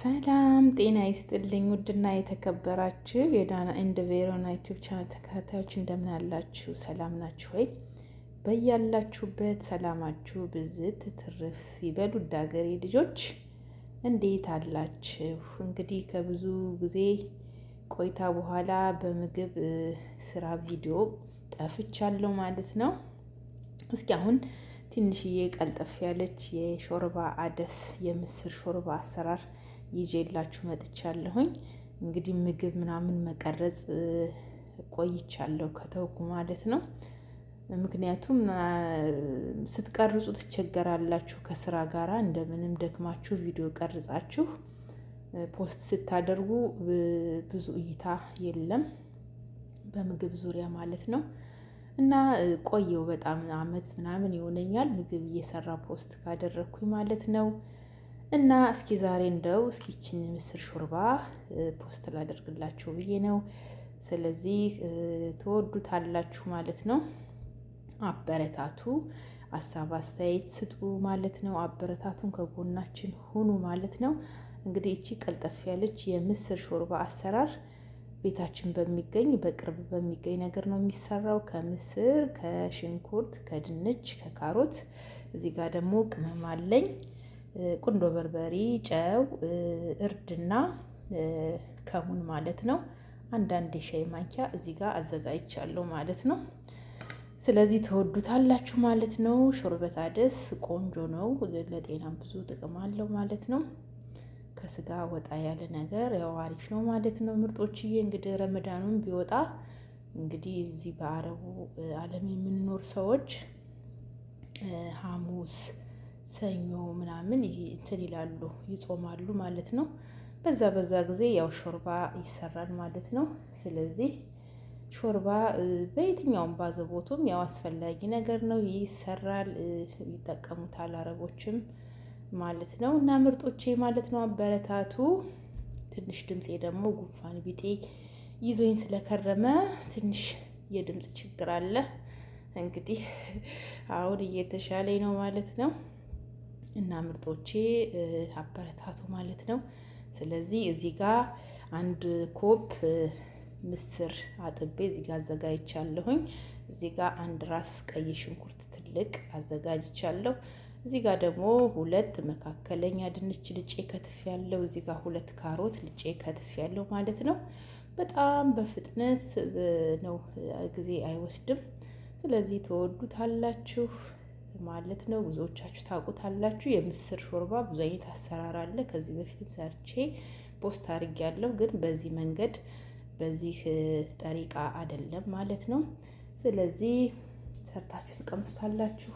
ሰላም ጤና ይስጥልኝ። ውድና የተከበራችሁ የዳና ኤንድ ቬሮና ዩቲዩብ ቻናል ተከታታዮች እንደምን አላችሁ? ሰላም ናችሁ ወይ? በያላችሁበት ሰላማችሁ ብዝት ትርፍ ይበል። ውድ ሀገሬ ልጆች እንዴት አላችሁ? እንግዲህ ከብዙ ጊዜ ቆይታ በኋላ በምግብ ስራ ቪዲዮ ጠፍቻለሁ ማለት ነው። እስኪ አሁን ትንሽዬ ቀልጠፍ ያለች የሾርባ አደስ የምስር ሾርባ አሰራር ይዤላችሁ መጥቻለሁኝ። እንግዲህ ምግብ ምናምን መቀረጽ ቆይቻለሁ ከተውኩ ማለት ነው። ምክንያቱም ስትቀርጹ ትቸገራላችሁ። ከስራ ጋር እንደምንም ደክማችሁ ቪዲዮ ቀርጻችሁ ፖስት ስታደርጉ ብዙ እይታ የለም፣ በምግብ ዙሪያ ማለት ነው። እና ቆየው በጣም አመት ምናምን ይሆነኛል ምግብ እየሰራ ፖስት ካደረግኩኝ ማለት ነው። እና እስኪ ዛሬ እንደው እስኪችን ምስር ሾርባ ፖስት ላደርግላችሁ ብዬ ነው። ስለዚህ ትወዱታላችሁ ማለት ነው። አበረታቱ፣ ሀሳብ አስተያየት ስጡ ማለት ነው። አበረታቱን፣ ከጎናችን ሁኑ ማለት ነው። እንግዲህ እቺ ቀልጠፍ ያለች የምስር ሾርባ አሰራር ቤታችን በሚገኝ በቅርብ በሚገኝ ነገር ነው የሚሰራው። ከምስር፣ ከሽንኩርት፣ ከድንች፣ ከካሮት እዚህ ጋር ደግሞ ቅመም አለኝ። ቁንዶ በርበሬ፣ ጨው፣ እርድና ከሙን ማለት ነው። አንዳንድ የሻይ ማንኪያ እዚህ ጋር አዘጋጅቻለሁ ማለት ነው። ስለዚህ ተወዱታላችሁ ማለት ነው። ሾርበታ ደስ ቆንጆ ነው፣ ለጤናም ብዙ ጥቅም አለው ማለት ነው። ከስጋ ወጣ ያለ ነገር ያው አሪፍ ነው ማለት ነው። ምርጦችዬ እንግዲህ ረመዳኑን ቢወጣ እንግዲህ እዚህ በአረቡ ዓለም የምንኖር ሰዎች ሐሙስ ሰኞ ምናምን እንትን ይላሉ ይጾማሉ ማለት ነው። በዛ በዛ ጊዜ ያው ሾርባ ይሰራል ማለት ነው። ስለዚህ ሾርባ በየትኛውም ባዘቦቱም ያው አስፈላጊ ነገር ነው፣ ይሰራል፣ ይጠቀሙታል አረቦችም ማለት ነው። እና ምርጦቼ ማለት ነው አበረታቱ። ትንሽ ድምፄ ደግሞ ጉንፋን ቢጤ ይዞኝ ስለከረመ ትንሽ የድምፅ ችግር አለ። እንግዲህ አሁን እየተሻለኝ ነው ማለት ነው። እና ምርጦቼ አበረታቱ ማለት ነው። ስለዚህ እዚህ ጋር አንድ ኮፕ ምስር አጥቤ እዚህ ጋር አዘጋጅቻለሁኝ። እዚህ ጋር አንድ ራስ ቀይ ሽንኩርት ትልቅ አዘጋጅቻለሁ። እዚህ ጋር ደግሞ ሁለት መካከለኛ ድንች ልጬ ከትፍ ያለው እዚህ ጋር ሁለት ካሮት ልጬ ከትፍ ያለው ማለት ነው። በጣም በፍጥነት ነው ጊዜ አይወስድም። ስለዚህ ተወዱታላችሁ። ማለት ነው። ብዙዎቻችሁ ታውቁታላችሁ። የምስር ሾርባ ብዙ አይነት አሰራር አለ። ከዚህ በፊትም ሰርቼ ፖስት አድርጌያለሁ። ግን በዚህ መንገድ በዚህ ጠሪቃ አይደለም ማለት ነው። ስለዚህ ሰርታችሁ ትቀምሱታላችሁ።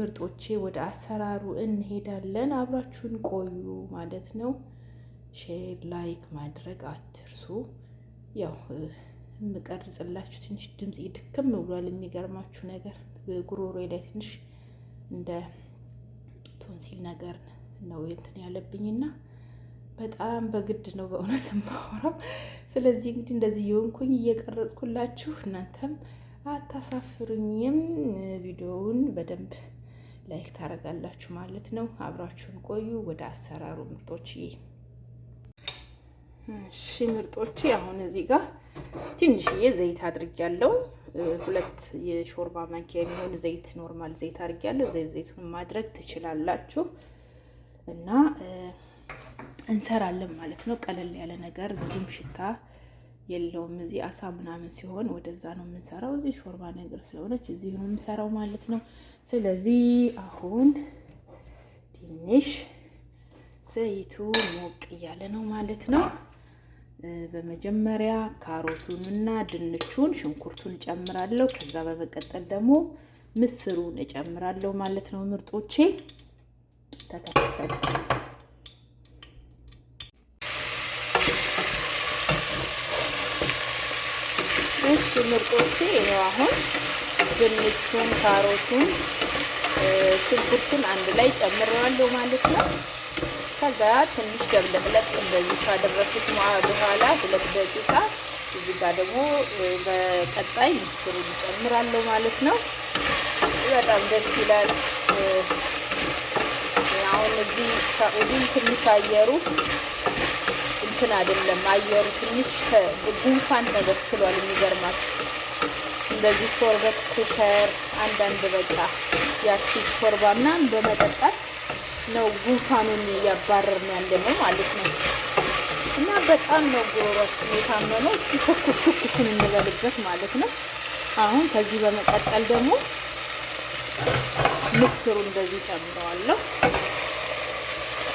ምርጦቼ ወደ አሰራሩ እንሄዳለን። አብራችሁን ቆዩ ማለት ነው። ሼር ላይክ ማድረግ አትርሱ። ያው የምቀርጽላችሁ ትንሽ ድምፅ ድክም ብሏል። የሚገርማችሁ ነገር ጉሮሮ ላይ ትንሽ እንደ ቶንሲል ነገር ነው እንትን ያለብኝና በጣም በግድ ነው በእውነት ማወራው። ስለዚህ እንግዲህ እንደዚህ የሆንኩኝ እየቀረጽኩላችሁ እናንተም አታሳፍሩኝም። ቪዲዮውን በደንብ ላይክ ታደርጋላችሁ ማለት ነው። አብራችሁን ቆዩ። ወደ አሰራሩ ምርጦች እሺ ምርጦች አሁን እዚህ ጋር ትንሽዬ ዘይት አድርጊያለሁ። ሁለት የሾርባ ማንኪያ የሚሆን ዘይት ኖርማል ዘይት አድርጌያለሁ። ዘይት ዘይቱን ማድረግ ትችላላችሁ እና እንሰራለን ማለት ነው። ቀለል ያለ ነገር ብዙም ሽታ የለውም። እዚህ አሳ ምናምን ሲሆን ወደዛ ነው የምንሰራው። እዚህ ሾርባ ነገር ስለሆነች እዚህ ነው የምንሰራው ማለት ነው። ስለዚህ አሁን ትንሽ ዘይቱ ሞቅ እያለ ነው ማለት ነው። በመጀመሪያ እና ድንቹን ሽንኩርቱን እጨምራለሁ። ከዛ በመቀጠል ደግሞ ምስሩን እጨምራለሁ ማለት ነው። ምርጦቼ ተከታተሉ። እሺ ምርጦቼ ይኸው አሁን ድንቹን፣ ካሮቱን፣ ሽንኩርቱን አንድ ላይ ጨምረዋለሁ ማለት ነው። ከዛ ትንሽ ደብለቅለቅ እንደዚህ ካደረኩት በኋላ ሁለት ደቂቃ እዚህ ጋር ደግሞ በቀጣይ ምስሩ ይጨምራለሁ ማለት ነው። በጣም ደስ ይላል። አሁን እዚህ ሳኡዲ ትንሽ አየሩ እንትን አይደለም፣ አየሩ ትንሽ ጉንፋን ስሏል። የሚገርማት እንደዚህ ሾርበት ኩከር አንዳንድ በቃ ያቺ ሾርባ ምናምን በመጠጣት ነው ጉንፋኑን እያባረርን ያለ ነው ማለት ነው። እና በጣም ነው ጉሮሯችን የታመመው ትኩስ ትኩሱን እንበልበት ማለት ነው። አሁን ከዚህ በመቀጠል ደግሞ ምስሩ እንደዚህ ጨምረዋለሁ።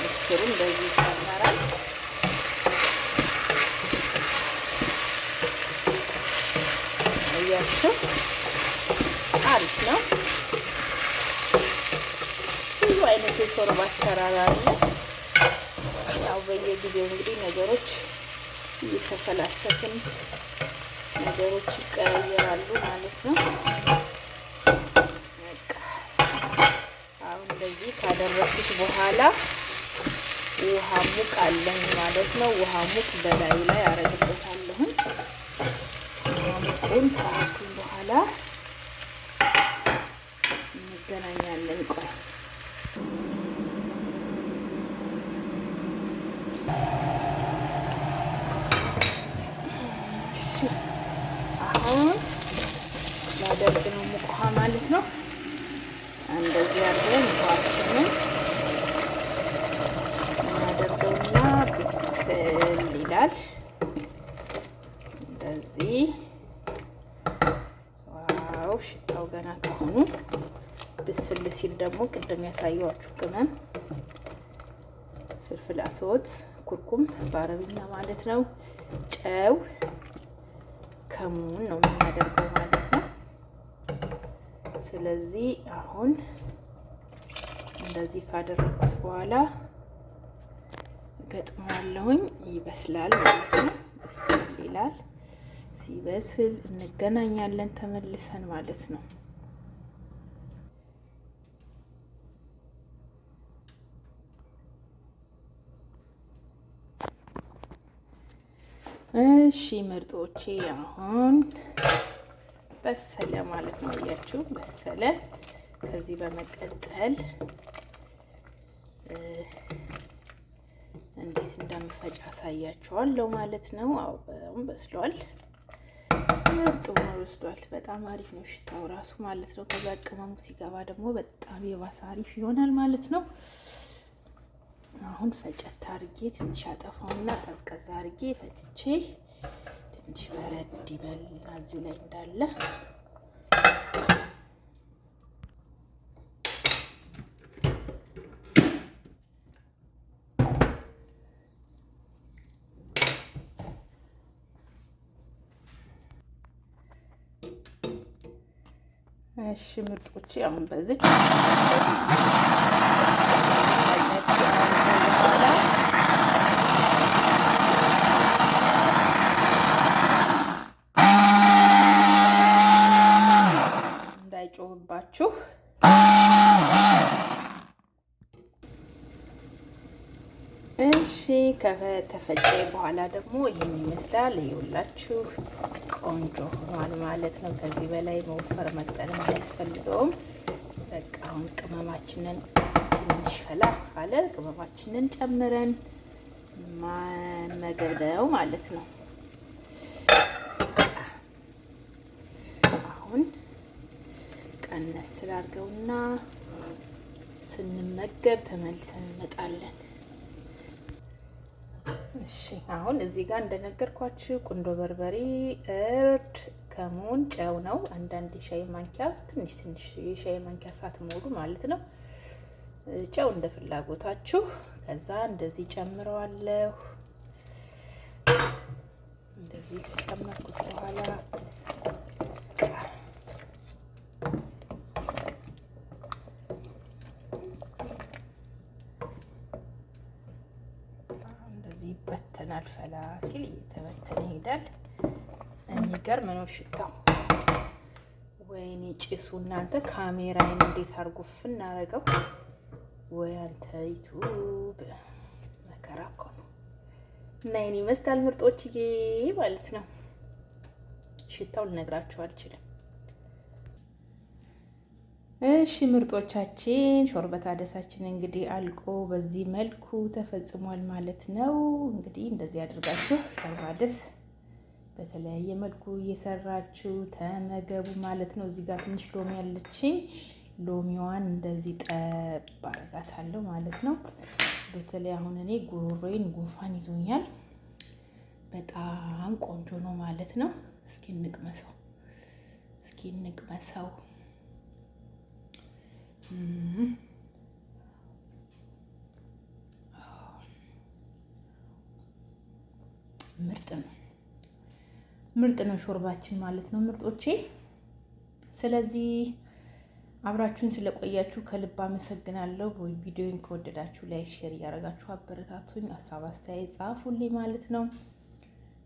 ምስሩ እንደዚህ ይጨመራል። እያቸው አሪፍ ነው። አይነት የሾርባ አሰራር አለ። ያው በየጊዜው እንግዲህ ነገሮች እየተፈላሰፍን ነገሮች ይቀያየራሉ ማለት ነው። አሁን እንደዚህ ካደረሱት በኋላ ውሃ ሙቅ አለኝ ማለት ነው። ውሃ ሙቅ በላዩ ላይ አረግበታለሁን። ውሃ ሙቁን በኋላ እሺ፣ አሁን ላደርግ ነው ሙቅ ውሃ ማለት ነው። እንደዚህ አድርገን ውሃችንን እናደርገውና ብስል ይላል። እንደዚህ ዋው! ሽታው ገና ከሆኑ ብስል ሲል ደግሞ ቅድም ያሳየዋችሁ ቅመም ፍልፍል አስወት ኩርኩም በአረብኛ ማለት ነው። ጨው ከሙን ነው የምናደርገው ማለት ነው። ስለዚህ አሁን እንደዚህ ካደረኩት በኋላ ገጥማለሁኝ ይበስላል ማለት ነው። ይላል ሲበስል እንገናኛለን ተመልሰን ማለት ነው። እሺ ምርጦቼ አሁን በሰለ ማለት ነው። እያችሁ በሰለ። ከዚህ በመቀጠል እንዴት እንደምፈጭ አሳያችኋለሁ ማለት ነው። አሁን በስሏል፣ ምርጥ ሆኖ በስሏል። በጣም አሪፍ ነው ሽታው ራሱ ማለት ነው። ከዛ ቅመሙ ሲገባ ደግሞ በጣም የባሰ አሪፍ ይሆናል ማለት ነው። አሁን ፈጨት አርጌ ትንሽ አጠፋውና ቀዝቀዝ አርጌ ፈጭቼ ትንሽ በረድ ይበል እዚሁ ላይ እንዳለ እሺ ምርጦቼ አሁን በዚች እሺ ከተፈጨ በኋላ ደግሞ ይህን ይመስላል። ይኸውላችሁ ቆንጆ ሆኗል ማለት ነው። ከዚህ በላይ መወፈር መቅጠልም አያስፈልገውም። በቃ አሁን ቅመማችንን ትንሽ ፈላ ካለ ቅመማችንን ጨምረን መመገብ ነው ማለት ነው። አሁን ቀነስ ስላርገውና ስንመገብ ተመልሰን እንመጣለን። እሺ አሁን እዚህ ጋር እንደነገርኳችሁ ቁንዶ በርበሬ፣ እርድ፣ ከሙን፣ ጨው ነው። አንዳንድ የሻይ ማንኪያ ትንሽ ትንሽ የሻይ ማንኪያ ሳትሞሉ ማለት ነው። ጨው እንደ ፍላጎታችሁ። ከዛ እንደዚህ ጨምረዋለሁ። እንደዚህ ከጨመርኩት በኋላ እንደዚህ ይበተናል። ፈላ ሲል እየተበተነ ይሄዳል። የሚገርም ነው ሽታው። ወይኔ ጭሱ እናንተ ካሜራዬን እንዴት አድርጎ ፍናረገው? ወይ አንተ ዩቱብ መከራ እኮ ነው። እና ይመስላል ምርጦችዬ ማለት ነው። ሽታው ልነግራችሁ አልችልም። እሺ ምርጦቻችን ሾርበታ አደሳችን እንግዲህ አልቆ በዚህ መልኩ ተፈጽሟል ማለት ነው። እንግዲህ እንደዚህ አድርጋችሁ ሾርባ አደስ በተለያየ መልኩ እየሰራችሁ ተመገቡ ማለት ነው። እዚህ ጋር ትንሽ ሎሚ ያለችኝ ሎሚዋን እንደዚህ ጠብ አድርጋታለሁ ማለት ነው። በተለይ አሁን እኔ ጉሮሮዬን ጉንፋን ይዞኛል። በጣም ቆንጆ ነው ማለት ነው። እስኪ እንቅመሰው፣ እስኪ እንቅመሰው ምርጥ ነው፣ ምርጥ ነው ሾርባችን ማለት ነው ምርጦቼ። ስለዚህ አብራችሁን ስለቆያችሁ ከልብ አመሰግናለሁ። ወይ ቪዲዮን ከወደዳችሁ ላይክ፣ ሼር እያደረጋችሁ አበረታቱኝ። ሀሳብ አስተያየት ጻፉልኝ ማለት ነው።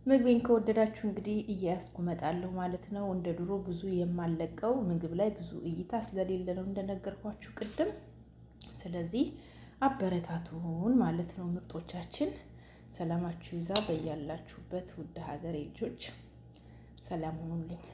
ምግቤን ከወደዳችሁ እንግዲህ እያያዝኩ እመጣለሁ ማለት ነው። እንደ ድሮ ብዙ የማለቀው ምግብ ላይ ብዙ እይታ ስለሌለ ነው እንደነገርኳችሁ ቅድም። ስለዚህ አበረታቱን ማለት ነው ምርጦቻችን። ሰላማችሁ ይዛ በያላችሁበት ውድ ሀገር ልጆች ሰላም ሁኑልኝ።